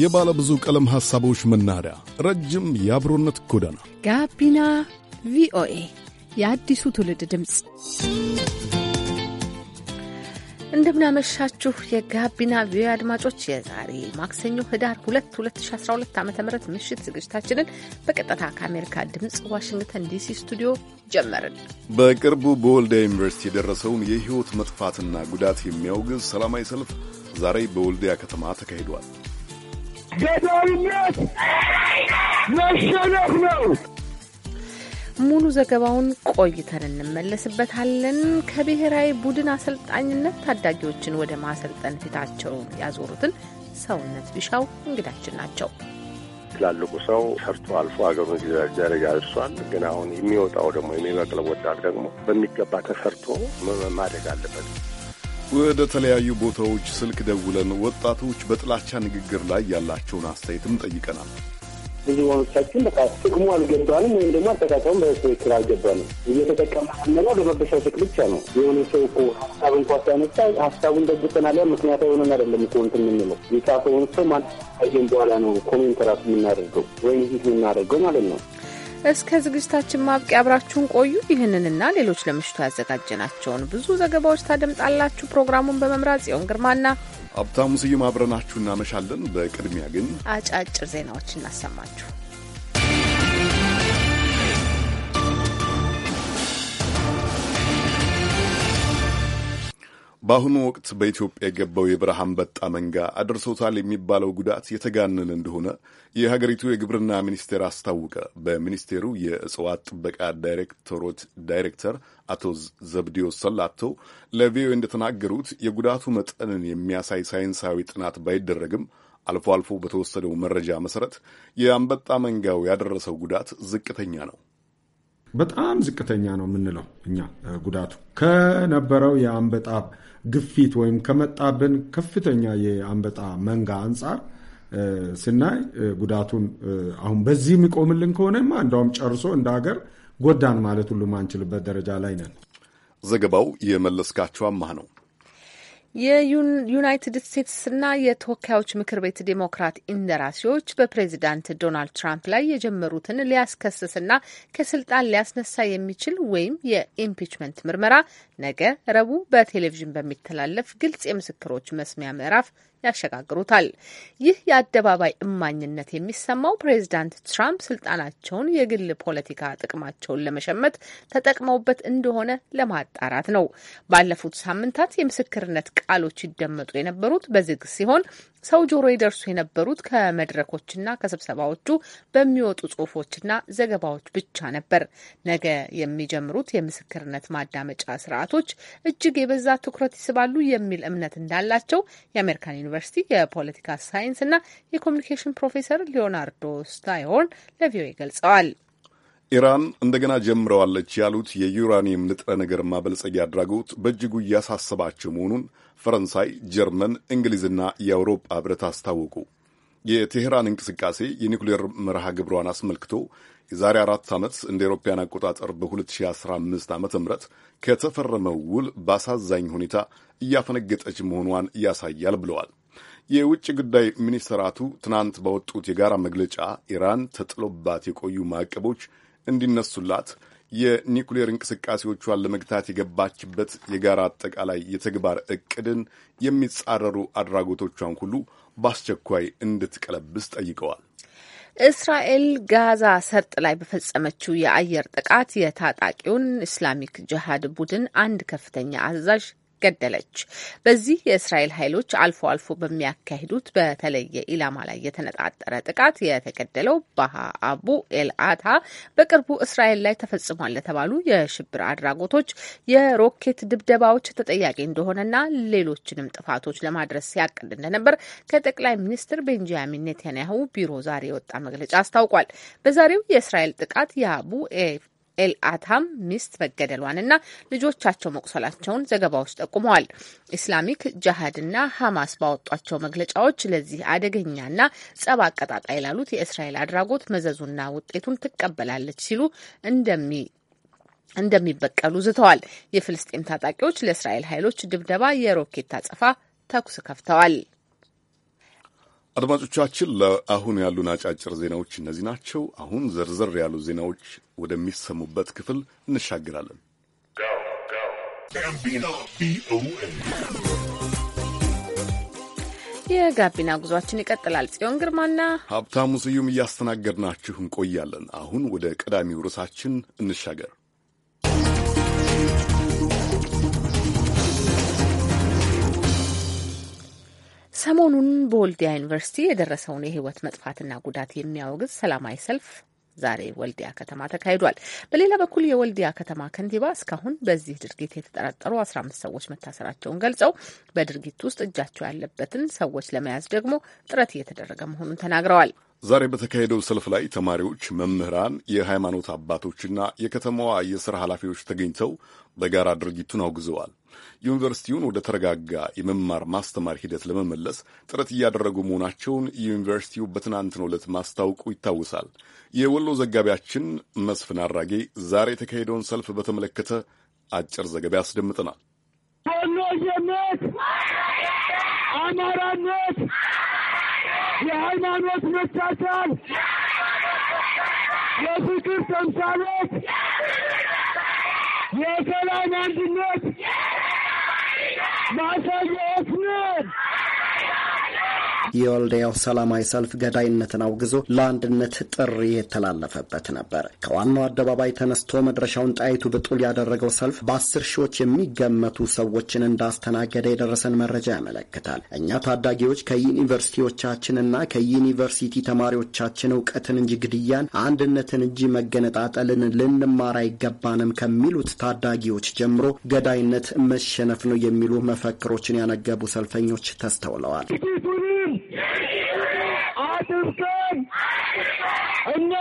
የባለ ብዙ ቀለም ሐሳቦች መናኸሪያ፣ ረጅም የአብሮነት ጎዳና ጋቢና ቪኦኤ የአዲሱ ትውልድ ድምፅ። እንደምናመሻችሁ የጋቢና ቪኦኤ አድማጮች፣ የዛሬ ማክሰኞ ህዳር 2 2012 ዓ ም ምሽት ዝግጅታችንን በቀጥታ ከአሜሪካ ድምፅ ዋሽንግተን ዲሲ ስቱዲዮ ጀመርን። በቅርቡ በወልዲያ ዩኒቨርሲቲ የደረሰውን የሕይወት መጥፋትና ጉዳት የሚያውግዝ ሰላማዊ ሰልፍ ዛሬ በወልዲያ ከተማ ተካሂዷል። መሸነፍ ነው። ሙሉ ዘገባውን ቆይተን እንመለስበታለን። ከብሔራዊ ቡድን አሰልጣኝነት ታዳጊዎችን ወደ ማሰልጠን ፊታቸው ያዞሩትን ሰውነት ቢሻው እንግዳችን ናቸው። ትላልቁ ሰው ሰርቶ አልፎ ሀገሩ ደረጃ ደርሷል። ግን አሁን የሚወጣው ደግሞ የሚበቅለው ወጣት ደግሞ በሚገባ ተሰርቶ ማደግ አለበት። ወደ ተለያዩ ቦታዎች ስልክ ደውለን ወጣቶች በጥላቻ ንግግር ላይ ያላቸውን አስተያየትም ጠይቀናል። ብዙ ብዙዎቻችን በቃ ጥቅሙ አልገባንም ወይም ደግሞ አጠቃቀሙ በትክክል አልገባንም። እየተጠቀመ እየተጠቀምን ያለው ለመበሻሸቅ ብቻ ነው። የሆነ ሰው እኮ ሀሳብ እንኳ ሲያነሳ ሀሳቡን ደግፈናል። ያ ምክንያት የሆነን አይደለም እኮ እንትን የምንለው የጻፈውን ሰው ማን በኋላ ነው ኮሜንት ራሱ የምናደርገው ወይም ይህ የምናደርገው ማለት ነው። እስከ ዝግጅታችን ማብቂያ አብራችሁን ቆዩ። ይህንንና ሌሎች ለምሽቱ ያዘጋጀናቸውን ብዙ ዘገባዎች ታደምጣላችሁ። ፕሮግራሙን በመምራት ጽዮን ግርማና ሀብታሙ ስዩም አብረናችሁ እናመሻለን። በቅድሚያ ግን አጫጭር ዜናዎች እናሰማችሁ። በአሁኑ ወቅት በኢትዮጵያ የገባው የበረሃ አንበጣ መንጋ አድርሶታል የሚባለው ጉዳት የተጋነነ እንደሆነ የሀገሪቱ የግብርና ሚኒስቴር አስታወቀ። በሚኒስቴሩ የእጽዋት ጥበቃ ዳይሬክቶሮት ዳይሬክተር አቶ ዘብዲዮስ ሰላቶ ለቪኦኤ እንደተናገሩት የጉዳቱ መጠንን የሚያሳይ ሳይንሳዊ ጥናት ባይደረግም አልፎ አልፎ በተወሰደው መረጃ መሰረት የአንበጣ መንጋው ያደረሰው ጉዳት ዝቅተኛ ነው። በጣም ዝቅተኛ ነው የምንለው እኛ ጉዳቱ ከነበረው የአንበጣ ግፊት ወይም ከመጣብን ከፍተኛ የአንበጣ መንጋ አንጻር ስናይ ጉዳቱን አሁን በዚህ የሚቆምልን ከሆነማ እንዳውም ጨርሶ እንደ ሀገር ጎዳን ማለት ሁሉ ማንችልበት ደረጃ ላይ ነን። ዘገባው የመለስካቸው አማህ ነው። የዩናይትድ ስቴትስና የተወካዮች ምክር ቤት ዴሞክራት እንደራሴዎች በፕሬዚዳንት ዶናልድ ትራምፕ ላይ የጀመሩትን ሊያስከስስና ከስልጣን ሊያስነሳ የሚችል ወይም የኢምፒችመንት ምርመራ ነገ ረቡዕ በቴሌቪዥን በሚተላለፍ ግልጽ የምስክሮች መስሚያ ምዕራፍ ያሸጋግሩታል። ይህ የአደባባይ እማኝነት የሚሰማው ፕሬዚዳንት ትራምፕ ስልጣናቸውን የግል ፖለቲካ ጥቅማቸውን ለመሸመት ተጠቅመውበት እንደሆነ ለማጣራት ነው። ባለፉት ሳምንታት የምስክርነት ቃሎች ይደመጡ የነበሩት በዝግ ሲሆን ሰው ጆሮ ይደርሱ የነበሩት ከመድረኮችና ከስብሰባዎቹ በሚወጡ ጽሁፎችና ዘገባዎች ብቻ ነበር። ነገ የሚጀምሩት የምስክርነት ማዳመጫ ስርዓቶች እጅግ የበዛ ትኩረት ይስባሉ የሚል እምነት እንዳላቸው የአሜሪካን ዩኒቨርሲቲ የፖለቲካ ሳይንስና የኮሚኒኬሽን ፕሮፌሰር ሊዮናርዶ ስታይሆን ለቪኦኤ ገልጸዋል። ኢራን እንደገና ጀምረዋለች ያሉት የዩራኒየም ንጥረ ነገር ማበልጸጊያ አድራጎት በእጅጉ እያሳሰባቸው መሆኑን ፈረንሳይ፣ ጀርመን፣ እንግሊዝና የአውሮፓ ሕብረት አስታወቁ። የቴሄራን እንቅስቃሴ የኒውክሌር መርሃ ግብሯን አስመልክቶ የዛሬ አራት ዓመት እንደ ኤሮፓያን አቆጣጠር በ2015 ዓ ም ከተፈረመው ውል በአሳዛኝ ሁኔታ እያፈነገጠች መሆኗን ያሳያል ብለዋል። የውጭ ጉዳይ ሚኒስትራቱ ትናንት ባወጡት የጋራ መግለጫ ኢራን ተጥሎባት የቆዩ ማዕቀቦች እንዲነሱላት የኒኩሌር እንቅስቃሴዎቿን ለመግታት የገባችበት የጋራ አጠቃላይ የተግባር እቅድን የሚጻረሩ አድራጎቶቿን ሁሉ በአስቸኳይ እንድትቀለብስ ጠይቀዋል። እስራኤል ጋዛ ሰርጥ ላይ በፈጸመችው የአየር ጥቃት የታጣቂውን ኢስላሚክ ጅሃድ ቡድን አንድ ከፍተኛ አዛዥ ገደለች። በዚህ የእስራኤል ኃይሎች አልፎ አልፎ በሚያካሂዱት በተለየ ኢላማ ላይ የተነጣጠረ ጥቃት የተገደለው ባሃ አቡ ኤልአታ በቅርቡ እስራኤል ላይ ተፈጽሟል ለተባሉ የሽብር አድራጎቶች የሮኬት ድብደባዎች ተጠያቂ እንደሆነና ሌሎችንም ጥፋቶች ለማድረስ ሲያቅድ እንደነበር ከጠቅላይ ሚኒስትር ቤንጃሚን ኔታንያሁ ቢሮ ዛሬ የወጣ መግለጫ አስታውቋል። በዛሬው የእስራኤል ጥቃት የአቡ ኤልአታም ሚስት መገደሏንና ልጆቻቸው መቁሰላቸውን ዘገባዎች ጠቁመዋል። ኢስላሚክ ና ሐማስ ባወጧቸው መግለጫዎች ለዚህ አደገኛና ጸብ አቀጣጣይ ላሉት የእስራኤል አድራጎት መዘዙና ውጤቱን ትቀበላለች ሲሉ እንደሚ እንደሚበቀሉ ዝተዋል። የፍልስጤም ታጣቂዎች ለእስራኤል ኃይሎች ድብደባ የሮኬት አጸፋ ተኩስ ከፍተዋል። አድማጮቻችን፣ ለአሁን ያሉን አጫጭር ዜናዎች እነዚህ ናቸው። አሁን ዘርዘር ያሉ ዜናዎች ወደሚሰሙበት ክፍል እንሻግራለን። የጋቢና ጉዟችን ይቀጥላል። ጽዮን ግርማና ሀብታሙ ስዩም እያስተናገድናችሁ እንቆያለን። አሁን ወደ ቀዳሚው ርዕሳችን እንሻገር። ሰሞኑን በወልዲያ ዩኒቨርሲቲ የደረሰውን የሕይወት መጥፋትና ጉዳት የሚያወግዝ ሰላማዊ ሰልፍ ዛሬ ወልዲያ ከተማ ተካሂዷል። በሌላ በኩል የወልዲያ ከተማ ከንቲባ እስካሁን በዚህ ድርጊት የተጠረጠሩ አስራ አምስት ሰዎች መታሰራቸውን ገልጸው በድርጊት ውስጥ እጃቸው ያለበትን ሰዎች ለመያዝ ደግሞ ጥረት እየተደረገ መሆኑን ተናግረዋል። ዛሬ በተካሄደው ሰልፍ ላይ ተማሪዎች፣ መምህራን፣ የሃይማኖት አባቶችና የከተማዋ የሥራ ኃላፊዎች ተገኝተው በጋራ ድርጊቱን አውግዘዋል። ዩኒቨርሲቲውን ወደ ተረጋጋ የመማር ማስተማር ሂደት ለመመለስ ጥረት እያደረጉ መሆናቸውን ዩኒቨርሲቲው በትናንትናው ዕለት ማስታወቁ ይታወሳል። የወሎ ዘጋቢያችን መስፍን አራጌ ዛሬ የተካሄደውን ሰልፍ በተመለከተ አጭር ዘገባ ያስደምጠናል። ወሎዬነት፣ አማራነት የሃይማኖት መቻቻል፣ የፍቅር ተምሳሌት፣ የሰላም አንድነት ማሳያዎች ነን። የወልዲያው ሰላማዊ ሰልፍ ገዳይነትን አውግዞ ለአንድነት ጥሪ የተላለፈበት ነበር። ከዋናው አደባባይ ተነስቶ መድረሻውን ጣይቱ ብጡል ያደረገው ሰልፍ በአስር ሺዎች የሚገመቱ ሰዎችን እንዳስተናገደ የደረሰን መረጃ ያመለክታል። እኛ ታዳጊዎች ከዩኒቨርሲቲዎቻችንና ከዩኒቨርሲቲ ተማሪዎቻችን እውቀትን እንጂ ግድያን፣ አንድነትን እንጂ መገነጣጠልን ልንማር አይገባንም ከሚሉት ታዳጊዎች ጀምሮ ገዳይነት መሸነፍ ነው የሚሉ መፈክሮችን ያነገቡ ሰልፈኞች ተስተውለዋል። And no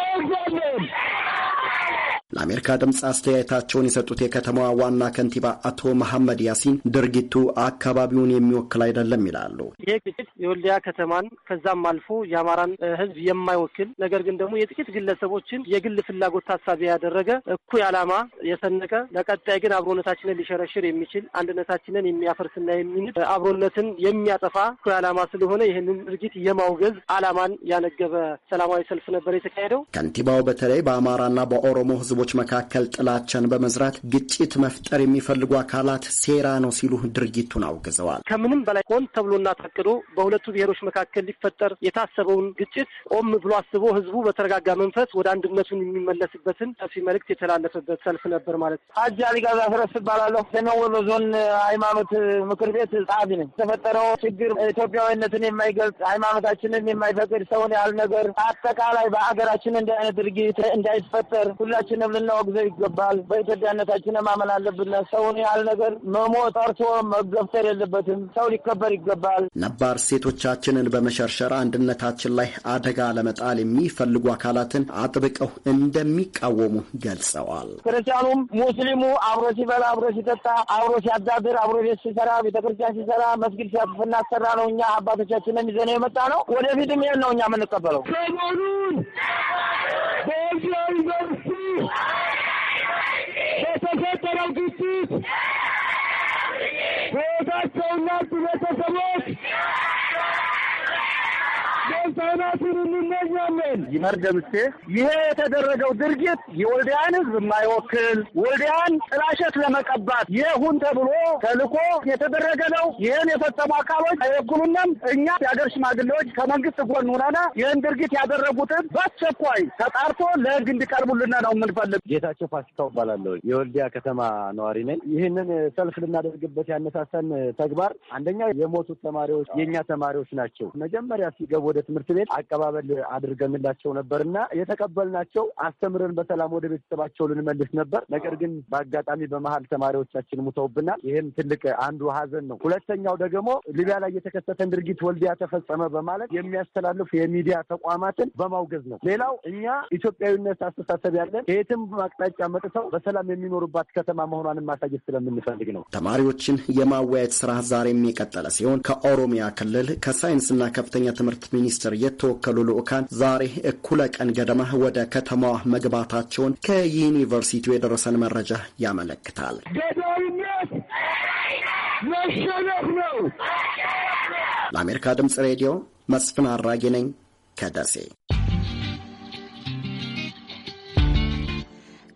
ለአሜሪካ ድምፅ አስተያየታቸውን የሰጡት የከተማዋ ዋና ከንቲባ አቶ መሐመድ ያሲን ድርጊቱ አካባቢውን የሚወክል አይደለም ይላሉ። ይሄ ግጭት የወልዲያ ከተማን ከዛም አልፎ የአማራን ሕዝብ የማይወክል ነገር ግን ደግሞ የጥቂት ግለሰቦችን የግል ፍላጎት ታሳቢ ያደረገ እኩይ ዓላማ የሰነቀ ለቀጣይ ግን አብሮነታችንን ሊሸረሽር የሚችል አንድነታችንን የሚያፈርስና የሚንድ አብሮነትን የሚያጠፋ እኩይ ዓላማ ስለሆነ ይህንን ድርጊት የማውገዝ ዓላማን ያነገበ ሰላማዊ ሰልፍ ነበር የተካሄደው። ከንቲባው በተለይ በአማራና በኦሮሞ ሕዝቦች በህዝቦች መካከል ጥላቻን በመዝራት ግጭት መፍጠር የሚፈልጉ አካላት ሴራ ነው ሲሉ ድርጊቱን አውግዘዋል። ከምንም በላይ ሆን ተብሎና ታቅዶ በሁለቱ ብሔሮች መካከል ሊፈጠር የታሰበውን ግጭት ቆም ብሎ አስቦ ህዝቡ በተረጋጋ መንፈስ ወደ አንድነቱን የሚመለስበትን ሰፊ መልእክት የተላለፈበት ሰልፍ ነበር ማለት ነው። ሀጂ አሊጋዛ ፍረስ እባላለሁ። የወሎ ዞን ሃይማኖት ምክር ቤት ጸሐፊ ነኝ። የተፈጠረው ችግር ኢትዮጵያዊነትን የማይገልጽ ሃይማኖታችንን የማይፈቅድ ሰውን ያህል ነገር አጠቃላይ በሀገራችን እንዲህ አይነት ድርጊት እንዳይፈጠር ሁላችንም ልናወግዘው ይገባል። በኢትዮጵያነታችን ማመን አለብን። ሰውን ያህል ነገር መሞት አርቶ መገፍተር የለበትም። ሰው ሊከበር ይገባል። ነባር ሴቶቻችንን በመሸርሸር አንድነታችን ላይ አደጋ ለመጣል የሚፈልጉ አካላትን አጥብቀው እንደሚቃወሙ ገልጸዋል። ክርስቲያኑም ሙስሊሙ አብሮ ሲበላ፣ አብሮ ሲጠጣ፣ አብሮ ሲያዳድር፣ አብሮ ቤት ሲሰራ፣ ቤተክርስቲያን ሲሰራ፣ መስጊድ ሲያፍፍና ሰራ ነው እኛ አባቶቻችንን ይዘን የመጣ ነው። ወደፊትም ይህን ነው እኛ የምንቀበለው። ሰሞኑን በዚያ የተፈጠረው ግጭት ቤታቸውና ቤተሰቦች ህጻናትን እንመኛለን። ይመር ደምሴ ይሄ የተደረገው ድርጊት የወልዲያን ህዝብ የማይወክል ወልዲያን ጥላሸት ለመቀባት ይሁን ተብሎ ተልኮ የተደረገ ነው። ይህን የፈጸሙ አካሎች አይወክሉንም። እኛ የሀገር ሽማግሌዎች ከመንግስት ጎን ሆነና ይህን ድርጊት ያደረጉትን በአስቸኳይ ተጣርቶ ለህግ እንዲቀርቡልን ነው የምንፈልግ። ጌታቸው ፋሲካው እባላለሁ። የወልዲያ ከተማ ነዋሪ ነኝ። ይህንን ሰልፍ ልናደርግበት ያነሳሳን ተግባር አንደኛ የሞቱት ተማሪዎች የእኛ ተማሪዎች ናቸው። መጀመሪያ ሲገቡ ወደ ትምህርት ትምህርት ቤት አቀባበል አድርገንላቸው ነበር እና የተቀበልናቸው አስተምረን በሰላም ወደ ቤተሰባቸው ልንመልስ ነበር። ነገር ግን በአጋጣሚ በመሀል ተማሪዎቻችን ሙተውብናል። ይህም ትልቅ አንዱ ሀዘን ነው። ሁለተኛው ደግሞ ሊቢያ ላይ የተከሰተን ድርጊት ወልዲያ ተፈጸመ በማለት የሚያስተላልፉ የሚዲያ ተቋማትን በማውገዝ ነው። ሌላው እኛ ኢትዮጵያዊነት አስተሳሰብ ያለን ከየትም አቅጣጫ መጥተው በሰላም የሚኖሩባት ከተማ መሆኗን ማሳየት ስለምንፈልግ ነው። ተማሪዎችን የማወያየት ስራ ዛሬም የቀጠለ ሲሆን ከኦሮሚያ ክልል ከሳይንስና ከፍተኛ ትምህርት ሚኒስቴር የተወከሉ ልዑካን ዛሬ እኩለ ቀን ገደማ ወደ ከተማዋ መግባታቸውን ከዩኒቨርሲቲው የደረሰን መረጃ ያመለክታል። መሸነፍ ነው። ለአሜሪካ ድምፅ ሬዲዮ መስፍን አራጌ ነኝ ከደሴ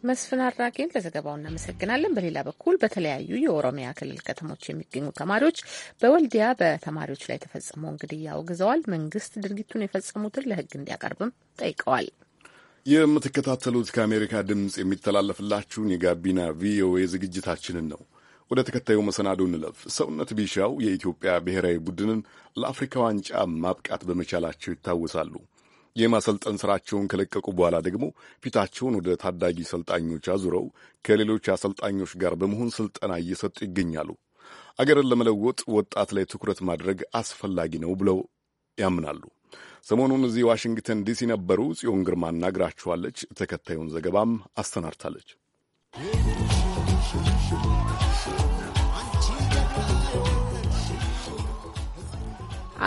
መስፍን አራጌን ለዘገባው እናመሰግናለን። በሌላ በኩል በተለያዩ የኦሮሚያ ክልል ከተሞች የሚገኙ ተማሪዎች በወልዲያ በተማሪዎች ላይ የተፈጸመውን ግድያ አውግዘዋል። መንግስት ድርጊቱን የፈጸሙትን ለህግ እንዲያቀርብም ጠይቀዋል። የምትከታተሉት ከአሜሪካ ድምፅ የሚተላለፍላችሁን የጋቢና ቪኦኤ ዝግጅታችንን ነው። ወደ ተከታዩ መሰናዶ እንለፍ። ሰውነት ቢሻው የኢትዮጵያ ብሔራዊ ቡድንን ለአፍሪካ ዋንጫ ማብቃት በመቻላቸው ይታወሳሉ። የማሰልጠን ስራቸውን ከለቀቁ በኋላ ደግሞ ፊታቸውን ወደ ታዳጊ ሰልጣኞች አዙረው ከሌሎች አሰልጣኞች ጋር በመሆን ስልጠና እየሰጡ ይገኛሉ። አገርን ለመለወጥ ወጣት ላይ ትኩረት ማድረግ አስፈላጊ ነው ብለው ያምናሉ። ሰሞኑን እዚህ ዋሽንግተን ዲሲ ነበሩ። ጽዮን ግርማ አናግራችኋለች። ተከታዩን ዘገባም አሰናድታለች።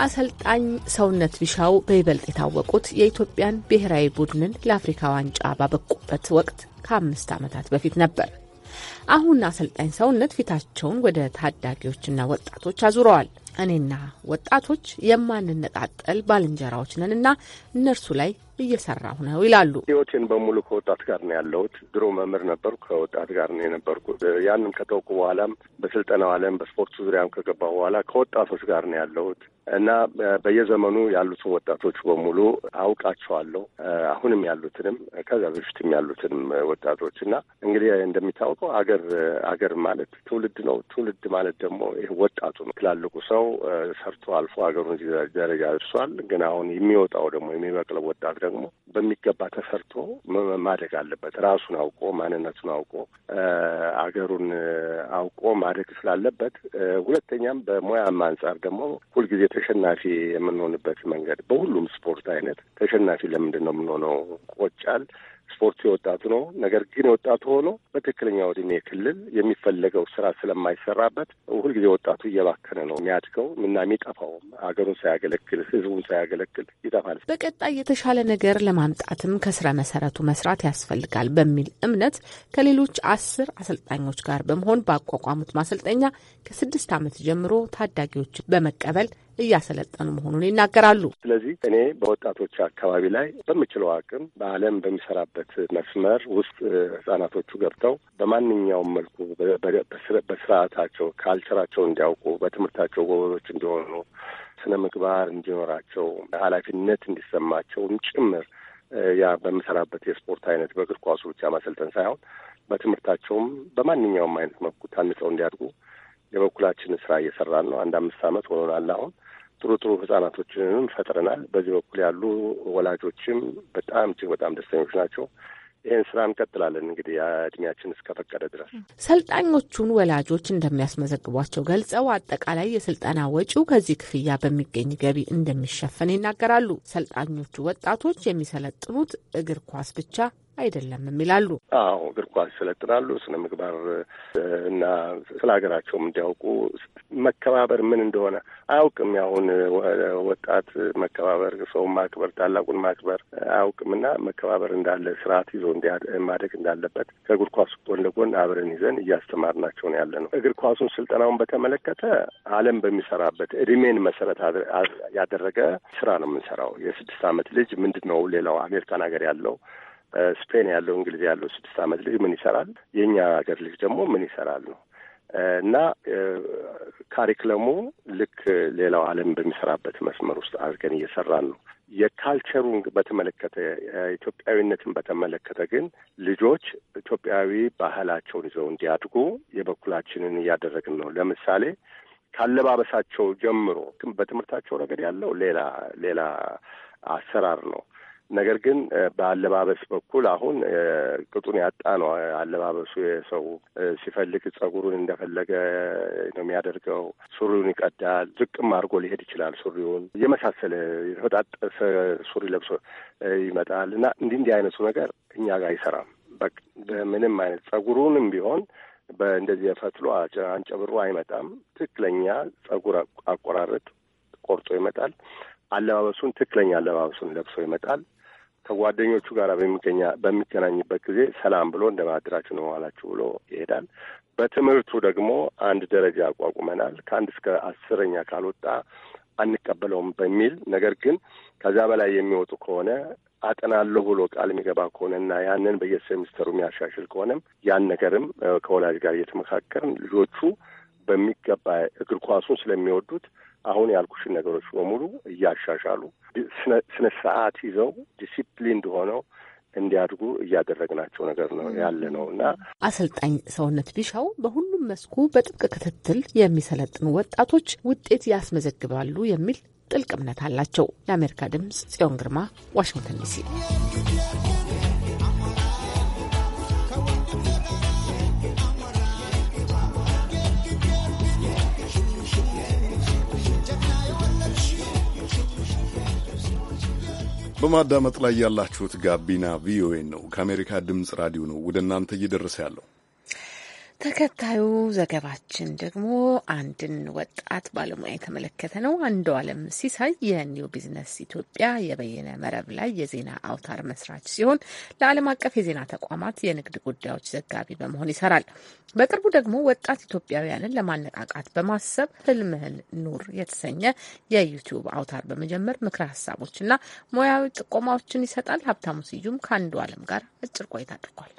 አሰልጣኝ ሰውነት ቢሻው በይበልጥ የታወቁት የኢትዮጵያን ብሔራዊ ቡድንን ለአፍሪካ ዋንጫ ባበቁበት ወቅት ከአምስት ዓመታት በፊት ነበር። አሁን አሰልጣኝ ሰውነት ፊታቸውን ወደ ታዳጊዎችና ወጣቶች አዙረዋል። እኔና ወጣቶች የማንነጣጠል ባልንጀራዎች ነን እና እነርሱ ላይ እየሰራሁ ነው ይላሉ። ህይወቴን በሙሉ ከወጣት ጋር ነው ያለሁት። ድሮ መምህር ነበሩ ከወጣት ጋር ነው የነበርኩ። ያንን ከተውኩ በኋላም በስልጠናው ዓለም በስፖርቱ ዙሪያም ከገባ በኋላ ከወጣቶች ጋር ነው ያለሁት እና በየዘመኑ ያሉትን ወጣቶች በሙሉ አውቃቸዋለሁ። አሁንም ያሉትንም ከዛ በፊትም ያሉትንም ወጣቶች እና እንግዲህ እንደሚታወቀው አገር አገር ማለት ትውልድ ነው። ትውልድ ማለት ደግሞ ይህ ወጣቱ ነው። ትላልቁ ሰው ሰርቶ አልፎ አገሩን ደረጃ ደርሷል። ግን አሁን የሚወጣው ደግሞ የሚበቅለው ወጣት ደግሞ በሚገባ ተሰርቶ ማደግ አለበት። ራሱን አውቆ ማንነቱን አውቆ አገሩን አውቆ ማደግ ስላለበት፣ ሁለተኛም በሙያም አንጻር ደግሞ ሁልጊዜ ተሸናፊ የምንሆንበት መንገድ በሁሉም ስፖርት አይነት ተሸናፊ ለምንድን ነው የምንሆነው? ቆጫል ስፖርቱ የወጣቱ ነው። ነገር ግን የወጣቱ ሆኖ በትክክለኛ ዕድሜ ክልል የሚፈለገው ስራ ስለማይሰራበት ሁልጊዜ ወጣቱ እየባከነ ነው የሚያድገው እና የሚጠፋውም አገሩን ሳያገለግል ህዝቡን ሳያገለግል ይጠፋል። በቀጣይ የተሻለ ነገር ለማምጣትም ከስረ መሰረቱ መስራት ያስፈልጋል በሚል እምነት ከሌሎች አስር አሰልጣኞች ጋር በመሆን ባቋቋሙት ማሰልጠኛ ከስድስት ዓመት ጀምሮ ታዳጊዎች በመቀበል እያሰለጠኑ መሆኑን ይናገራሉ። ስለዚህ እኔ በወጣቶች አካባቢ ላይ በምችለው አቅም በዓለም በሚሰራበት መስመር ውስጥ ህጻናቶቹ ገብተው በማንኛውም መልኩ በስርዓታቸው ካልቸራቸው እንዲያውቁ በትምህርታቸው ጎበዞች እንዲሆኑ ስነ ምግባር እንዲኖራቸው ኃላፊነት እንዲሰማቸውም ጭምር ያ በምሰራበት የስፖርት አይነት በእግር ኳሱ ብቻ ማሰልጠን ሳይሆን በትምህርታቸውም በማንኛውም አይነት መልኩ ታንጸው እንዲያድጉ የበኩላችን ስራ እየሰራን ነው። አንድ አምስት ዓመት ሆኖናል አሁን ጥሩ ጥሩ ህጻናቶችንም ፈጥረናል። በዚህ በኩል ያሉ ወላጆችም በጣም እጅግ በጣም ደስተኞች ናቸው። ይህን ስራ እንቀጥላለን እንግዲህ እድሜያችን እስከፈቀደ ድረስ። ሰልጣኞቹን ወላጆች እንደሚያስመዘግቧቸው ገልጸው አጠቃላይ የስልጠና ወጪው ከዚህ ክፍያ በሚገኝ ገቢ እንደሚሸፈን ይናገራሉ። ሰልጣኞቹ ወጣቶች የሚሰለጥኑት እግር ኳስ ብቻ አይደለም ይላሉ። አዎ እግር ኳስ ይሰለጥናሉ ስነ ምግባር እና ስለ ሀገራቸውም እንዲያውቁ መከባበር ምን እንደሆነ አያውቅም። ያሁን ወጣት መከባበር፣ ሰውን ማክበር፣ ታላቁን ማክበር አያውቅም እና መከባበር እንዳለ ስርዓት ይዞ ማደግ እንዳለበት ከእግር ኳሱ ጎን ለጎን አብረን ይዘን እያስተማርናቸው ነው ያለ ነው። እግር ኳሱን ስልጠናውን በተመለከተ ዓለም በሚሰራበት እድሜን መሰረት ያደረገ ስራ ነው የምንሰራው። የስድስት ዓመት ልጅ ምንድን ነው ሌላው አሜሪካን ሀገር ያለው ስፔን ያለው እንግሊዝ ያለው ስድስት ዓመት ልጅ ምን ይሰራል፣ የእኛ ሀገር ልጅ ደግሞ ምን ይሰራል ነው እና ካሪክለሙ ልክ ሌላው ዓለም በሚሰራበት መስመር ውስጥ አድርገን እየሰራን ነው። የካልቸሩን በተመለከተ ኢትዮጵያዊነትን በተመለከተ ግን ልጆች ኢትዮጵያዊ ባህላቸውን ይዘው እንዲያድጉ የበኩላችንን እያደረግን ነው። ለምሳሌ ካለባበሳቸው ጀምሮ በትምህርታቸው ረገድ ያለው ሌላ ሌላ አሰራር ነው። ነገር ግን በአለባበስ በኩል አሁን ቅጡን ያጣ ነው። አለባበሱ የሰው ሲፈልግ ጸጉሩን እንደፈለገ ነው የሚያደርገው። ሱሪውን ይቀዳል፣ ዝቅም አድርጎ ሊሄድ ይችላል። ሱሪውን የመሳሰለ የተበጣጠሰ ሱሪ ለብሶ ይመጣል እና እንዲህ እንዲህ አይነቱ ነገር እኛ ጋር አይሰራም። በቃ በምንም አይነት ጸጉሩንም ቢሆን በእንደዚህ የፈትሎ አንጨብሮ አይመጣም። ትክክለኛ ጸጉር አቆራረጥ ቆርጦ ይመጣል። አለባበሱን ትክክለኛ አለባበሱን ለብሶ ይመጣል። ከጓደኞቹ ጋር በሚገናኝበት ጊዜ ሰላም ብሎ እንደማድራችሁ ነው ዋላችሁ ብሎ ይሄዳል። በትምህርቱ ደግሞ አንድ ደረጃ አቋቁመናል። ከአንድ እስከ አስረኛ ካልወጣ አንቀበለውም በሚል ነገር ግን ከዛ በላይ የሚወጡ ከሆነ አጠናለሁ ብሎ ቃል የሚገባ ከሆነና ያንን በየሴሚስተሩ የሚያሻሽል ከሆነም ያን ነገርም ከወላጅ ጋር እየተመካከርን ልጆቹ በሚገባ እግር ኳሱን ስለሚወዱት አሁን ያልኩሽን ነገሮች በሙሉ እያሻሻሉ ስነ ስርዓት ይዘው ዲሲፕሊን ሆነው እንዲያድጉ እያደረግናቸው ነገር ነው ያለ ነው እና አሰልጣኝ ሰውነት ቢሻው በሁሉም መስኩ በጥብቅ ክትትል የሚሰለጥኑ ወጣቶች ውጤት ያስመዘግባሉ የሚል ጥልቅ እምነት አላቸው። ለአሜሪካ ድምፅ ጽዮን ግርማ ዋሽንግተን ዲሲ በማዳመጥ ላይ ያላችሁት ጋቢና ቪኦኤ ነው። ከአሜሪካ ድምፅ ራዲዮ ነው ወደ እናንተ እየደረሰ ያለው። ተከታዩ ዘገባችን ደግሞ አንድን ወጣት ባለሙያ የተመለከተ ነው። አንዱ አለም ሲሳይ የኒው ቢዝነስ ኢትዮጵያ የበይነ መረብ ላይ የዜና አውታር መስራች ሲሆን ለዓለም አቀፍ የዜና ተቋማት የንግድ ጉዳዮች ዘጋቢ በመሆን ይሰራል። በቅርቡ ደግሞ ወጣት ኢትዮጵያውያንን ለማነቃቃት በማሰብ ህልምህን ኑር የተሰኘ የዩቲዩብ አውታር በመጀመር ምክረ ሀሳቦችና ሙያዊ ጥቆማዎችን ይሰጣል። ሀብታሙ ስዩም ከአንዱ አለም ጋር አጭር ቆይታ አድርጓል።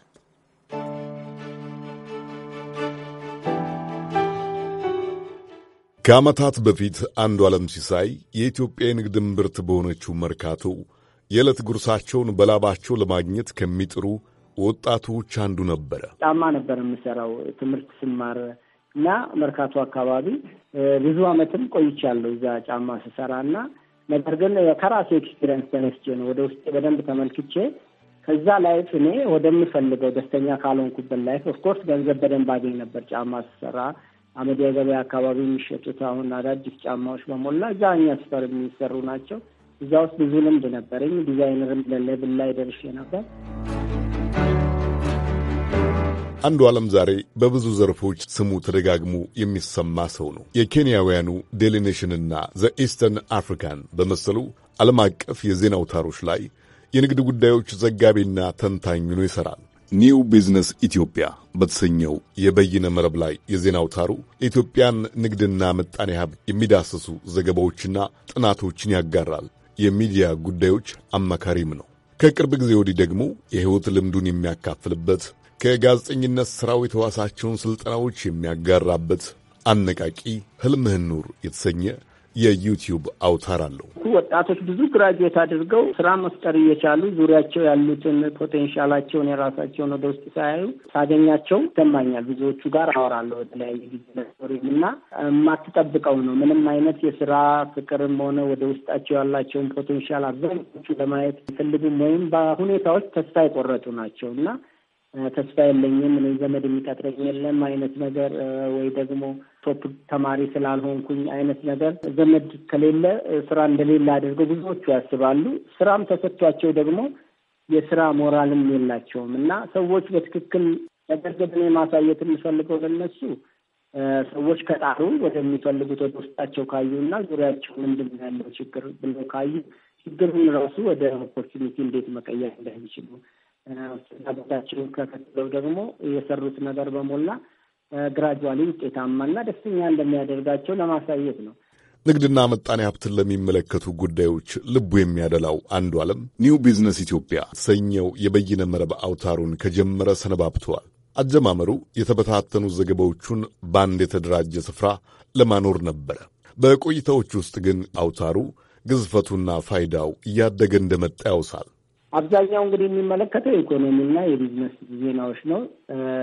ከዓመታት በፊት አንዱ ዓለም ሲሳይ የኢትዮጵያ የንግድ እምብርት በሆነችው መርካቶ የዕለት ጉርሳቸውን በላባቸው ለማግኘት ከሚጥሩ ወጣቶች አንዱ ነበረ። ጫማ ነበር የምሰራው ትምህርት ስማር እና መርካቶ አካባቢ ብዙ ዓመትም ቆይቻለሁ እዛ ጫማ ስሰራ እና ነገር ግን ከራሴ ኤክስፒሪየንስ ተነስቼ ነው ወደ ውስጤ በደንብ ተመልክቼ ከዛ ላይፍ እኔ ወደምፈልገው ደስተኛ ካልሆንኩበት ላይፍ ኦፍኮርስ ገንዘብ በደንብ አገኝ ነበር ጫማ ስሰራ አመዲያ ገበያ አካባቢ የሚሸጡት አሁን አዳዲስ ጫማዎች በሞላ እዛ እኛ ስፈር የሚሰሩ ናቸው። እዛ ውስጥ ብዙ ልምድ ነበረኝ። ዲዛይነርም ለሌብል ላይ ደርሼ ነበር። አንዱ ዓለም ዛሬ በብዙ ዘርፎች ስሙ ተደጋግሞ የሚሰማ ሰው ነው። የኬንያውያኑ ዴሊኔሽንና ኔሽንና ዘ ኢስተርን አፍሪካን በመሰሉ ዓለም አቀፍ የዜና አውታሮች ላይ የንግድ ጉዳዮች ዘጋቢና ተንታኝ ሆኖ ይሠራል። ኒው ቢዝነስ ኢትዮጵያ በተሰኘው የበይነ መረብ ላይ የዜና አውታሩ የኢትዮጵያን ንግድና ምጣኔ ሀብት የሚዳስሱ ዘገባዎችና ጥናቶችን ያጋራል። የሚዲያ ጉዳዮች አማካሪም ነው። ከቅርብ ጊዜ ወዲህ ደግሞ የሕይወት ልምዱን የሚያካፍልበት፣ ከጋዜጠኝነት ሥራው የተዋሳቸውን ሥልጠናዎች የሚያጋራበት አነቃቂ ሕልምህን ኑር የተሰኘ የዩቲዩብ አውታር አለው። ወጣቶች ብዙ ግራጁዌት አድርገው ስራ መፍጠር እየቻሉ ዙሪያቸው ያሉትን ፖቴንሻላቸውን የራሳቸውን ወደ ውስጥ ሳያዩ ሳገኛቸው ይሰማኛል። ብዙዎቹ ጋር አወራለሁ በተለያየ ጊዜ እና የማትጠብቀው ነው። ምንም አይነት የስራ ፍቅርም ሆነ ወደ ውስጣቸው ያላቸውን ፖቴንሻል አብዛኞቹ ለማየት ፈልጉም ወይም በሁኔታዎች ተስፋ የቆረጡ ናቸው እና ተስፋ የለኝም እኔ ዘመድ የሚቀጥረኝ የለም አይነት ነገር ወይ ደግሞ ቶፕ ተማሪ ስላልሆንኩኝ አይነት ነገር ዘመድ ከሌለ ስራ እንደሌለ አድርገው ብዙዎቹ ያስባሉ። ስራም ተሰጥቷቸው ደግሞ የስራ ሞራልም የላቸውም እና ሰዎች በትክክል ነገር ግን እኔ ማሳየት የምፈልገው ለነሱ ሰዎች ከጣሩ ወደሚፈልጉት ወደ ውስጣቸው ካዩ እና ዙሪያቸው ምንድን ነው ያለው ችግር ብለው ካዩ ችግሩን ራሱ ወደ ኦፖርቹኒቲ እንዴት መቀየር እንደሚችሉ ፍላጎታቸውን ተከትለው ደግሞ የሰሩት ነገር በሞላ ግራጁዋሊ ውጤታማና ደስተኛ እንደሚያደርጋቸው ለማሳየት ነው። ንግድና ምጣኔ ሀብትን ለሚመለከቱ ጉዳዮች ልቡ የሚያደላው አንዱ ዓለም ኒው ቢዝነስ ኢትዮጵያ ሰኘው የበይነ መረብ አውታሩን ከጀመረ ሰነባብተዋል። አጀማመሩ የተበታተኑ ዘገባዎቹን በአንድ የተደራጀ ስፍራ ለማኖር ነበረ። በቆይታዎች ውስጥ ግን አውታሩ ግዝፈቱና ፋይዳው እያደገ እንደመጣ ያውሳል። አብዛኛው እንግዲህ የሚመለከተው የኢኮኖሚና የቢዝነስ ዜናዎች ነው።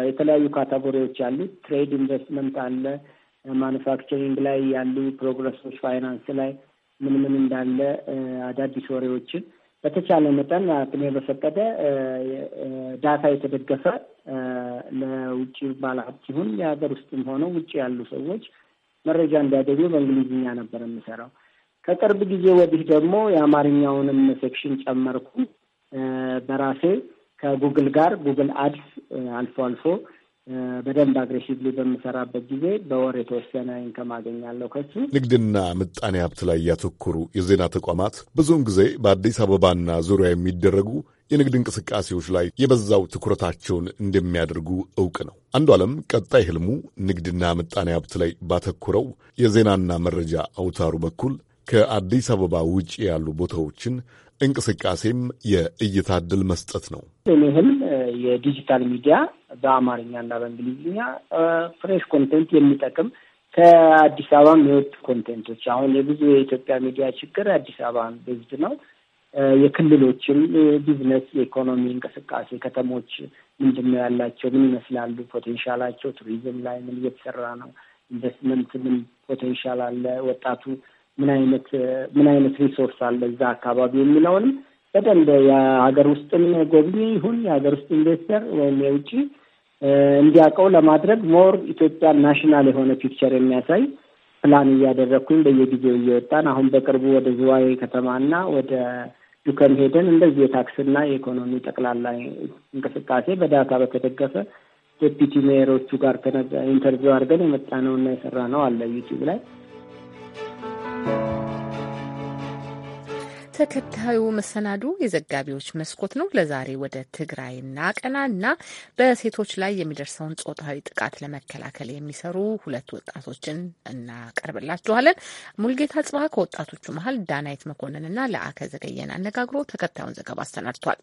የተለያዩ ካታጎሪዎች አሉ። ትሬድ ኢንቨስትመንት አለ። ማኑፋክቸሪንግ ላይ ያሉ ፕሮግረሶች፣ ፋይናንስ ላይ ምን ምን እንዳለ አዳዲስ ወሬዎችን በተቻለ መጠን አቅሜ በፈቀደ ዳታ የተደገፈ ለውጭ ባለሀብት ይሁን የሀገር ውስጥም ሆነው ውጭ ያሉ ሰዎች መረጃ እንዲያገኙ በእንግሊዝኛ ነበር የምሰራው። ከቅርብ ጊዜ ወዲህ ደግሞ የአማርኛውንም ሴክሽን ጨመርኩ። በራሴ ከጉግል ጋር ጉግል አድስ አልፎ አልፎ በደንብ አግሬሲቭሊ በምሰራበት ጊዜ በወር የተወሰነ ኢንከም አገኛለሁ ከሱ። ንግድና ምጣኔ ሀብት ላይ ያተኮሩ የዜና ተቋማት ብዙውን ጊዜ በአዲስ አበባና ዙሪያ የሚደረጉ የንግድ እንቅስቃሴዎች ላይ የበዛው ትኩረታቸውን እንደሚያደርጉ እውቅ ነው። አንዱ ዓለም ቀጣይ ህልሙ ንግድና ምጣኔ ሀብት ላይ ባተኮረው የዜናና መረጃ አውታሩ በኩል ከአዲስ አበባ ውጭ ያሉ ቦታዎችን እንቅስቃሴም የእይታ እድል መስጠት ነው። እኔ የዲጂታል ሚዲያ በአማርኛና በእንግሊዝኛ ፍሬሽ ኮንቴንት የሚጠቅም ከአዲስ አበባ የወጡ ኮንቴንቶች አሁን የብዙ የኢትዮጵያ ሚዲያ ችግር አዲስ አበባ ቤዝድ ነው። የክልሎችም ቢዝነስ፣ የኢኮኖሚ እንቅስቃሴ ከተሞች ምንድን ነው ያላቸው፣ ምን ይመስላሉ፣ ፖቴንሻላቸው ቱሪዝም ላይ ምን እየተሰራ ነው፣ ኢንቨስትመንት ምን ፖቴንሻል አለ፣ ወጣቱ ምን አይነት ምን አይነት ሪሶርስ አለ እዛ አካባቢ የሚለውንም በደንብ የሀገር ውስጥም ጎብኚ ይሁን የሀገር ውስጥ ኢንቨስተር ወይም የውጭ እንዲያውቀው ለማድረግ ሞር ኢትዮጵያ ናሽናል የሆነ ፒክቸር የሚያሳይ ፕላን እያደረግኩኝ በየጊዜው እየወጣን አሁን በቅርቡ ወደ ዝዋይ ከተማና ወደ ዱከም ሄደን እንደዚህ የታክስና የኢኮኖሚ ጠቅላላ እንቅስቃሴ በዳታ በተደገፈ ዴፒቲ ሜየሮቹ ጋር ኢንተርቪው አድርገን የመጣ ነው እና የሰራ ነው አለ ዩቲዩብ ላይ ተከታዩ መሰናዱ የዘጋቢዎች መስኮት ነው። ለዛሬ ወደ ትግራይ እናቀናና በሴቶች ላይ የሚደርሰውን ጾታዊ ጥቃት ለመከላከል የሚሰሩ ሁለት ወጣቶችን እናቀርብላችኋለን። ሙልጌታ ጽባ ከወጣቶቹ መሀል ዳናይት መኮንንና ለአከ ዘገየን አነጋግሮ ተከታዩን ዘገባ አሰናድቷል።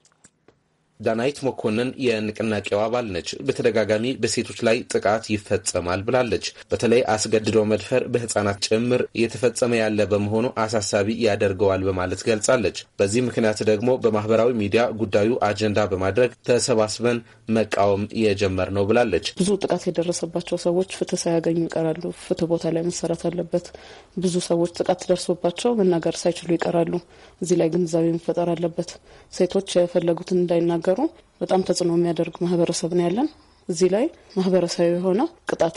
ዳናይት መኮንን የንቅናቄው አባል ነች። በተደጋጋሚ በሴቶች ላይ ጥቃት ይፈጸማል ብላለች። በተለይ አስገድዶ መድፈር በህጻናት ጭምር እየተፈጸመ ያለ በመሆኑ አሳሳቢ ያደርገዋል በማለት ገልጻለች። በዚህ ምክንያት ደግሞ በማህበራዊ ሚዲያ ጉዳዩ አጀንዳ በማድረግ ተሰባስበን መቃወም የጀመር ነው ብላለች። ብዙ ጥቃት የደረሰባቸው ሰዎች ፍትህ ሳያገኙ ይቀራሉ። ፍትህ ቦታ ላይ መሰራት አለበት። ብዙ ሰዎች ጥቃት ደርሶባቸው መናገር ሳይችሉ ይቀራሉ። እዚህ ላይ ግንዛቤ መፈጠር አለበት። ሴቶች የፈለጉትን እንዳይናገ ሲናገሩ በጣም ተጽዕኖ የሚያደርግ ማህበረሰብ ነው ያለን። እዚህ ላይ ማህበረሰብ የሆነ ቅጣት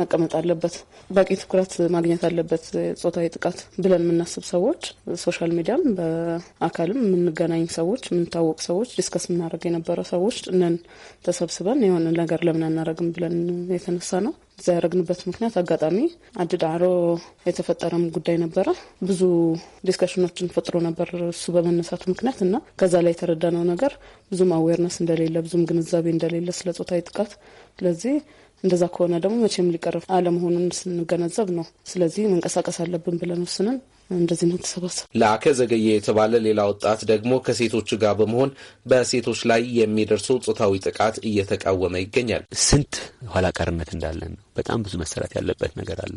መቀመጥ አለበት፣ በቂ ትኩረት ማግኘት አለበት ጾታዊ ጥቃት ብለን የምናስብ ሰዎች ሶሻል ሚዲያም በአካልም የምንገናኝ ሰዎች የምንታወቅ ሰዎች ዲስከስ የምናደርግ የነበረ ሰዎች እነን ተሰብስበን የሆነ ነገር ለምን አናደርግም ብለን የተነሳ ነው። እዛ ያደረግንበት ምክንያት አጋጣሚ አድዳሮ የተፈጠረም ጉዳይ ነበረ። ብዙ ዲስከሽኖችን ፈጥሮ ነበር እሱ በመነሳቱ ምክንያት እና ከዛ ላይ የተረዳነው ነገር ብዙም አዌርነስ እንደሌለ ብዙም ግንዛቤ እንደሌለ ስለ ጾታዊ ጥቃት ስለዚህ እንደዛ ከሆነ ደግሞ መቼም ሊቀረፍ አለመሆኑን ስንገነዘብ ነው። ስለዚህ መንቀሳቀስ አለብን ብለን ወስነን እንደዚህ ነው ተሰባሰብ። ለአከ ዘገየ የተባለ ሌላ ወጣት ደግሞ ከሴቶች ጋር በመሆን በሴቶች ላይ የሚደርሰው ጾታዊ ጥቃት እየተቃወመ ይገኛል። ስንት ኋላ ቀርነት እንዳለን ነው። በጣም ብዙ መሰራት ያለበት ነገር አለ።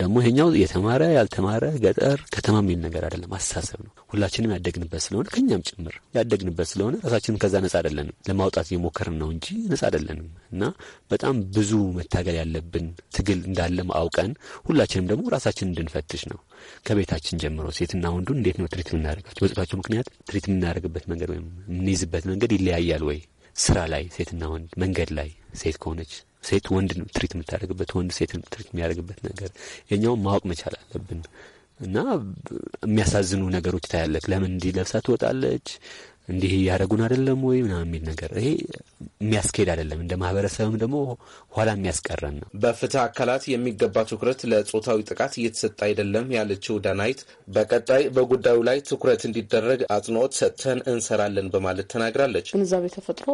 ደግሞ ይሄኛው የተማረ ያልተማረ፣ ገጠር ከተማ የሚል ነገር አይደለም፣ አስተሳሰብ ነው። ሁላችንም ያደግንበት ስለሆነ ከኛም ጭምር ያደግንበት ስለሆነ ራሳችንም ከዛ ነጻ አይደለንም። ለማውጣት የሞከርን ነው እንጂ ነጻ አይደለንም እና በጣም ብዙ መታገል ያለብን ትግል እንዳለም አውቀን ሁላችንም ደግሞ ራሳችን እንድንፈትሽ ነው ከቤታችን ልጆችን ጀምሮ ሴትና ወንዱ እንዴት ነው ትሪት የምናደርጋቸው? በጾታቸው ምክንያት ትሪት የምናደርግበት መንገድ ወይም የምንይዝበት መንገድ ይለያያል ወይ? ስራ ላይ ሴትና ወንድ፣ መንገድ ላይ ሴት ከሆነች ሴት ወንድ ትሪት የምታደርግበት፣ ወንድ ሴት ትሪት የሚያደርግበት ነገር የኛውን ማወቅ መቻል አለብን። እና የሚያሳዝኑ ነገሮች ታያለች። ለምን እንዲህ ለብሳ ትወጣለች? እንዲህ እያደረጉን አይደለም ወይ ምናምን የሚል ነገር ይሄ የሚያስኬድ አይደለም። እንደ ማህበረሰብም ደግሞ ኋላ የሚያስቀረን ነው። በፍትህ አካላት የሚገባ ትኩረት ለጾታዊ ጥቃት እየተሰጠ አይደለም ያለችው ዳናይት በቀጣይ በጉዳዩ ላይ ትኩረት እንዲደረግ አጽንኦት ሰጥተን እንሰራለን በማለት ተናግራለች። ግንዛቤ ተፈጥሮ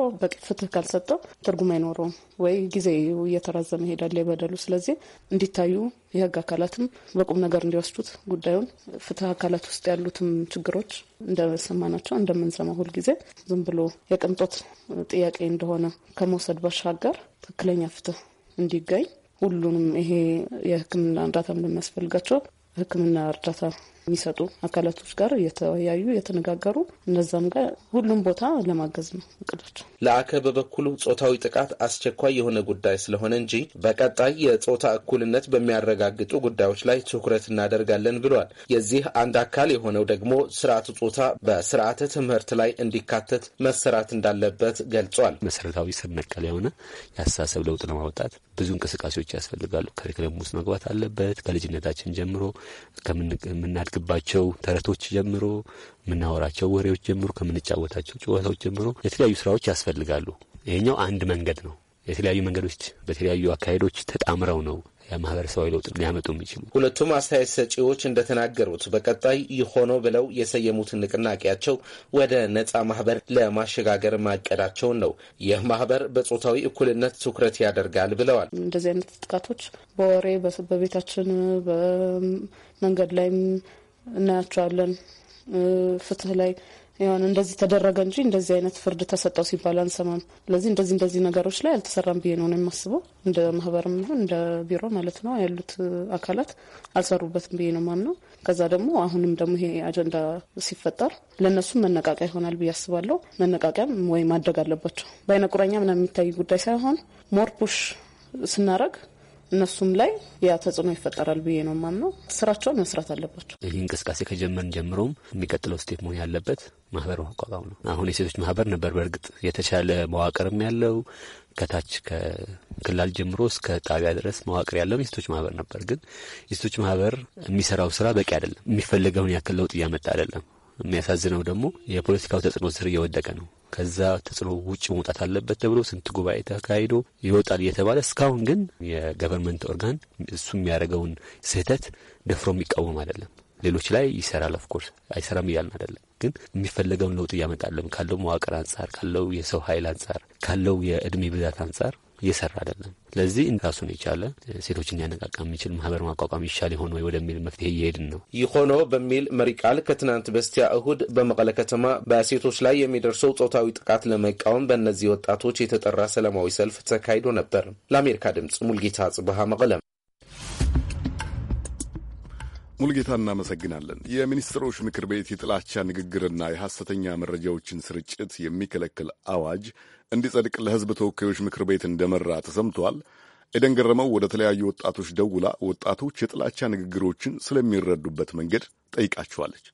ፍትህ ካልሰጠው ትርጉም አይኖረውም ወይ ጊዜ እየተራዘመ ይሄዳል የበደሉ ስለዚህ እንዲታዩ የህግ አካላትም በቁም ነገር እንዲወስዱት ጉዳዩን ፍትህ አካላት ውስጥ ያሉትም ችግሮች እንደሰማናቸው እንደምንሰማ ሁልጊዜ ዝም ብሎ የቅንጦት ጥያቄ እንደሆነ ከመውሰድ ባሻገር ትክክለኛ ፍትህ እንዲገኝ ሁሉንም ይሄ የህክምና እርዳታ እንደሚያስፈልጋቸው ህክምና እርዳታ የሚሰጡ አካላቶች ጋር እየተወያዩ እየተነጋገሩ እነዛም ጋር ሁሉም ቦታ ለማገዝ ነው እቅዳቸው። ለአከ በበኩሉ ጾታዊ ጥቃት አስቸኳይ የሆነ ጉዳይ ስለሆነ እንጂ በቀጣይ የጾታ እኩልነት በሚያረጋግጡ ጉዳዮች ላይ ትኩረት እናደርጋለን ብሏል። የዚህ አንድ አካል የሆነው ደግሞ ስርዓተ ጾታ በስርዓተ ትምህርት ላይ እንዲካተት መሰራት እንዳለበት ገልጿል። መሰረታዊ ስር ነቀል የሆነ የአስተሳሰብ ለውጥ ለማውጣት ብዙ እንቅስቃሴዎች ያስፈልጋሉ። ከሪክለም ውስጥ መግባት አለበት። ከልጅነታችን ጀምሮ ከምናድግ ከምንመገብባቸው ተረቶች ጀምሮ የምናወራቸው ወሬዎች ጀምሮ ከምንጫወታቸው ጨዋታዎች ጀምሮ የተለያዩ ስራዎች ያስፈልጋሉ። ይሄኛው አንድ መንገድ ነው። የተለያዩ መንገዶች በተለያዩ አካሄዶች ተጣምረው ነው ማህበረሰባዊ ለውጥ ሊያመጡ የሚችሉ። ሁለቱም አስተያየት ሰጪዎች እንደተናገሩት በቀጣይ ይሆኖ ብለው የሰየሙትን ንቅናቄያቸው ወደ ነጻ ማህበር ለማሸጋገር ማቀዳቸውን ነው። ይህ ማህበር በጾታዊ እኩልነት ትኩረት ያደርጋል ብለዋል። እንደዚህ አይነት ጥቃቶች በወሬ በቤታችን በመንገድ ላይም እናያቸዋለን። ፍትህ ላይ ሆን እንደዚህ ተደረገ እንጂ እንደዚህ አይነት ፍርድ ተሰጠው ሲባል አንሰማም። ስለዚህ እንደዚህ እንደዚህ ነገሮች ላይ አልተሰራም ብዬ ነው የማስበው። እንደ ማህበርም ይሁን እንደ ቢሮ ማለት ነው ያሉት አካላት አልሰሩበትም ብዬ ነው ማምነው። ከዛ ደግሞ አሁንም ደግሞ ይሄ አጀንዳ ሲፈጠር ለእነሱም መነቃቂያ ይሆናል ብዬ አስባለሁ። መነቃቂያም ወይ ማድረግ አለባቸው። በአይነ ቁራኛ ምናምን የሚታይ ጉዳይ ሳይሆን ሞር ፑሽ ስናረግ እነሱም ላይ ያ ተጽዕኖ ይፈጠራል ብዬ ነው የማምነው። ስራቸውን መስራት አለባቸው። ይህ እንቅስቃሴ ከጀመርን ጀምሮም የሚቀጥለው ስቴት መሆን ያለበት ማህበር ማቋቋም ነው። አሁን የሴቶች ማህበር ነበር። በእርግጥ የተሻለ መዋቅርም ያለው ከታች ከክላል ጀምሮ እስከ ጣቢያ ድረስ መዋቅር ያለው የሴቶች ማህበር ነበር። ግን የሴቶች ማህበር የሚሰራው ስራ በቂ አይደለም። የሚፈለገውን ያክል ለውጥ እያመጣ አይደለም። የሚያሳዝነው ደግሞ የፖለቲካው ተጽዕኖ ስር እየወደቀ ነው። ከዛ ተጽዕኖ ውጭ መውጣት አለበት ተብሎ ስንት ጉባኤ ተካሂዶ ይወጣል እየተባለ እስካሁን ግን የገቨርንመንት ኦርጋን እሱ የሚያደርገውን ስህተት ደፍሮ የሚቃወም አይደለም። ሌሎች ላይ ይሰራል። ኦፍኮርስ አይሰራም እያልን አይደለም፣ ግን የሚፈለገውን ለውጥ እያመጣለም ካለው መዋቅር አንጻር፣ ካለው የሰው ኃይል አንጻር፣ ካለው የእድሜ ብዛት አንጻር እየሰራ አይደለም። ስለዚህ እንዳሱን የቻለ ሴቶችን ያነቃቃ የሚችል ማህበር ማቋቋም ይሻል የሆነ ወይ ወደሚል መፍትሄ እየሄድን ነው። ይህ ሆኖ በሚል መሪ ቃል ከትናንት በስቲያ እሁድ በመቀለ ከተማ በሴቶች ላይ የሚደርሰው ጾታዊ ጥቃት ለመቃወም በእነዚህ ወጣቶች የተጠራ ሰላማዊ ሰልፍ ተካሂዶ ነበር። ለአሜሪካ ድምፅ ሙልጌታ ጽብሃ መቀለም ሙልጌታ እናመሰግናለን። የሚኒስትሮች ምክር ቤት የጥላቻ ንግግርና የሐሰተኛ መረጃዎችን ስርጭት የሚከለክል አዋጅ እንዲጸድቅ ለሕዝብ ተወካዮች ምክር ቤት እንደመራ ተሰምቷል። ኤደን ገረመው ወደ ተለያዩ ወጣቶች ደውላ ወጣቶች የጥላቻ ንግግሮችን ስለሚረዱበት መንገድ ጠይቃቸዋለች።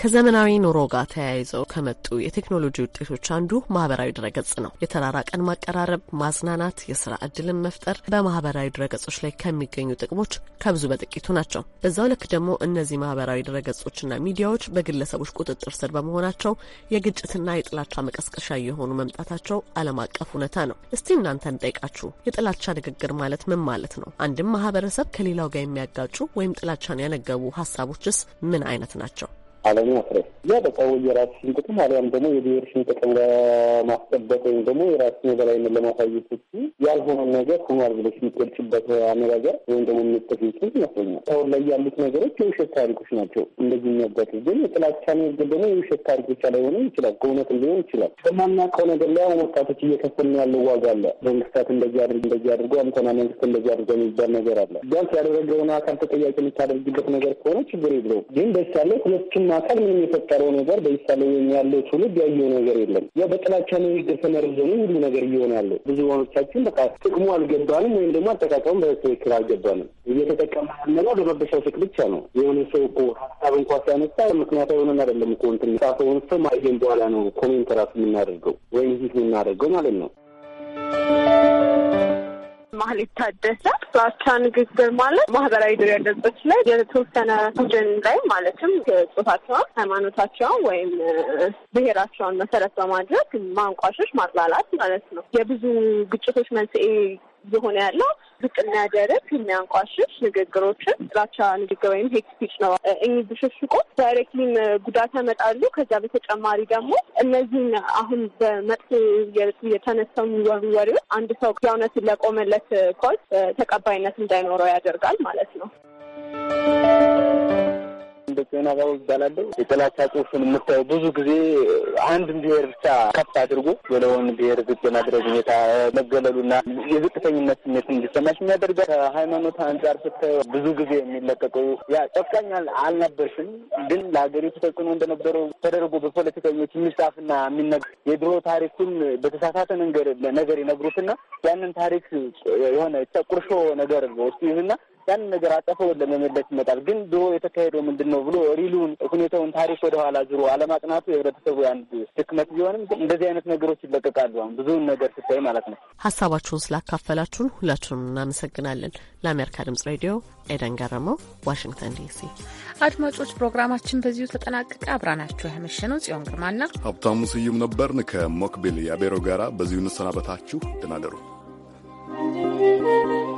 ከዘመናዊ ኑሮ ጋር ተያይዘው ከመጡ የቴክኖሎጂ ውጤቶች አንዱ ማህበራዊ ድረገጽ ነው። የተራራቀን ማቀራረብ፣ ማዝናናት፣ የስራ እድልን መፍጠር በማህበራዊ ድረገጾች ላይ ከሚገኙ ጥቅሞች ከብዙ በጥቂቱ ናቸው። በዛው ልክ ደግሞ እነዚህ ማህበራዊ ድረገጾችና ሚዲያዎች በግለሰቦች ቁጥጥር ስር በመሆናቸው የግጭትና የጥላቻ መቀስቀሻ የሆኑ መምጣታቸው ዓለም አቀፍ እውነታ ነው። እስቲ እናንተ እንጠይቃችሁ፣ የጥላቻ ንግግር ማለት ምን ማለት ነው? አንድም ማህበረሰብ ከሌላው ጋር የሚያጋጩ ወይም ጥላቻን ያነገቡ ሀሳቦችስ ምን አይነት ናቸው? አለሙ አስረ ያ በቃ ወይ የራስሽን ጥቅም አሊያም ደግሞ የብሔርሽን ጥቅም ለማስጠበቅ ወይም ደግሞ የራስሽን የበላይነት ለማሳየት ስ ያልሆነን ነገር ሆኗል ብለሽ የሚቆጭበት አነጋገር ወይም ደግሞ የሚጠፊት ይመስለኛል። አሁን ላይ ያሉት ነገሮች የውሸት ታሪኮች ናቸው። እንደዚህ የሚያጋጭ ግን የጥላቻ ንግግር ደግሞ የውሸት ታሪኮች ላይሆንም ይችላል፣ ከእውነት ሊሆን ይችላል። ከማናውቀው ነገር ላይ አሁን ወጣቶች እየከፈልን ያለው ዋጋ አለ። መንግስታት እንደዚህ አድርግ እንደዚህ አድርጎ አንተና መንግስት እንደዚህ አድርገ የሚባል ነገር አለ። ቢያንስ ያደረገውን አካል ተጠያቂ የምታደርግበት ነገር ከሆነ ችግር የለውም። ግን ደስ ያለው ሁለቱም በማዕከል ምንም የፈጠረው ነገር በይሳለ ወይም ያለው ትውልድ ያየው ነገር የለም። ያው በጥላቻ ንግግር ተመርዘኑ ሁሉ ነገር እየሆነ ያለው ብዙ ሆኖቻችን በቃ ጥቅሙ አልገባንም፣ ወይም ደግሞ አጠቃቀሙ በትክክል አልገባንም። እየተጠቀመ ያለነው ለመበሻሸቅ ብቻ ነው። የሆነ ሰው እኮ ሀሳብ እንኳ ሲያነሳ ምክንያት የሆነን አይደለም እኮ እንትን ጻፈውን ሰው ማየን በኋላ ነው ኮሜንት ራሱ የምናደርገው ወይም ፊት የምናደርገው ማለት ነው። ማህሌት ታደሰ ጥላቻ ንግግር ማለት ማህበራዊ ድረ ላይ የተወሰነ ቡድን ላይ ማለትም ጾታቸውን፣ ሃይማኖታቸውን ወይም ብሔራቸውን መሰረት በማድረግ ማንቋሾች ማጥላላት ማለት ነው። የብዙ ግጭቶች መንስኤ እየሆነ ያለው ዝቅ የሚያደርግ የሚያንቋሽሽ ንግግሮችን ጥላቻ ንግግር ወይም ሄት ስፒች ነው የሚብሽሽቆ ዳይሬክትሊም ጉዳት ያመጣሉ። ከዚያ በተጨማሪ ደግሞ እነዚህን አሁን በመጥፎ የተነሰሙ የሚወሩ ወሬዎች አንድ ሰው የእውነትን ለቆመለት ኮዝ ተቀባይነት እንዳይኖረው ያደርጋል ማለት ነው። በኪዮን አባው ይባላለሁ። የጥላቻ ጽሁፍን የምታየው ብዙ ጊዜ አንድን ብሔር ብቻ ከፍ አድርጎ ሌላውን ብሔር ዝቅ የማድረግ ሁኔታ መገለሉና የዝቅተኝነት ስሜት እንዲሰማሽ የሚያደርጋል። ከሃይማኖት አንጻር ስታየው ብዙ ጊዜ የሚለቀቀው ያ ጨካኝ አልነበርሽም ግን ለሀገሪቱ ተጽዕኖ እንደነበረው ተደርጎ በፖለቲከኞች የሚጻፍና የሚነገር የድሮ ታሪኩን በተሳሳተ መንገድ ነገር ይነግሩትና ያንን ታሪክ የሆነ ጨቁርሾ ነገር ውስጥ ይዝና ያን ነገር አጠፈ ለመመለስ ይመጣል። ግን ድሮ የተካሄደው ምንድን ነው ብሎ ሪሉን ሁኔታውን ታሪክ ወደኋላ ዙሮ አለማጥናቱ የህብረተሰቡ አንድ ድክመት ቢሆንም እንደዚህ አይነት ነገሮች ይለቀቃሉ። አሁን ብዙውን ነገር ስታይ ማለት ነው። ሀሳባችሁን ስላካፈላችሁን ሁላችሁንም እናመሰግናለን። ለአሜሪካ ድምጽ ሬዲዮ ኤደን ገረመው፣ ዋሽንግተን ዲሲ። አድማጮች ፕሮግራማችን በዚሁ ተጠናቀቀ። አብራናችሁ ያመሸነው ጽዮን ግርማና ሀብታሙ ስዩም ነበርን። ከሞክቢል ያቤሮ ጋራ በዚሁ እንሰናበታችሁ። ደህና you.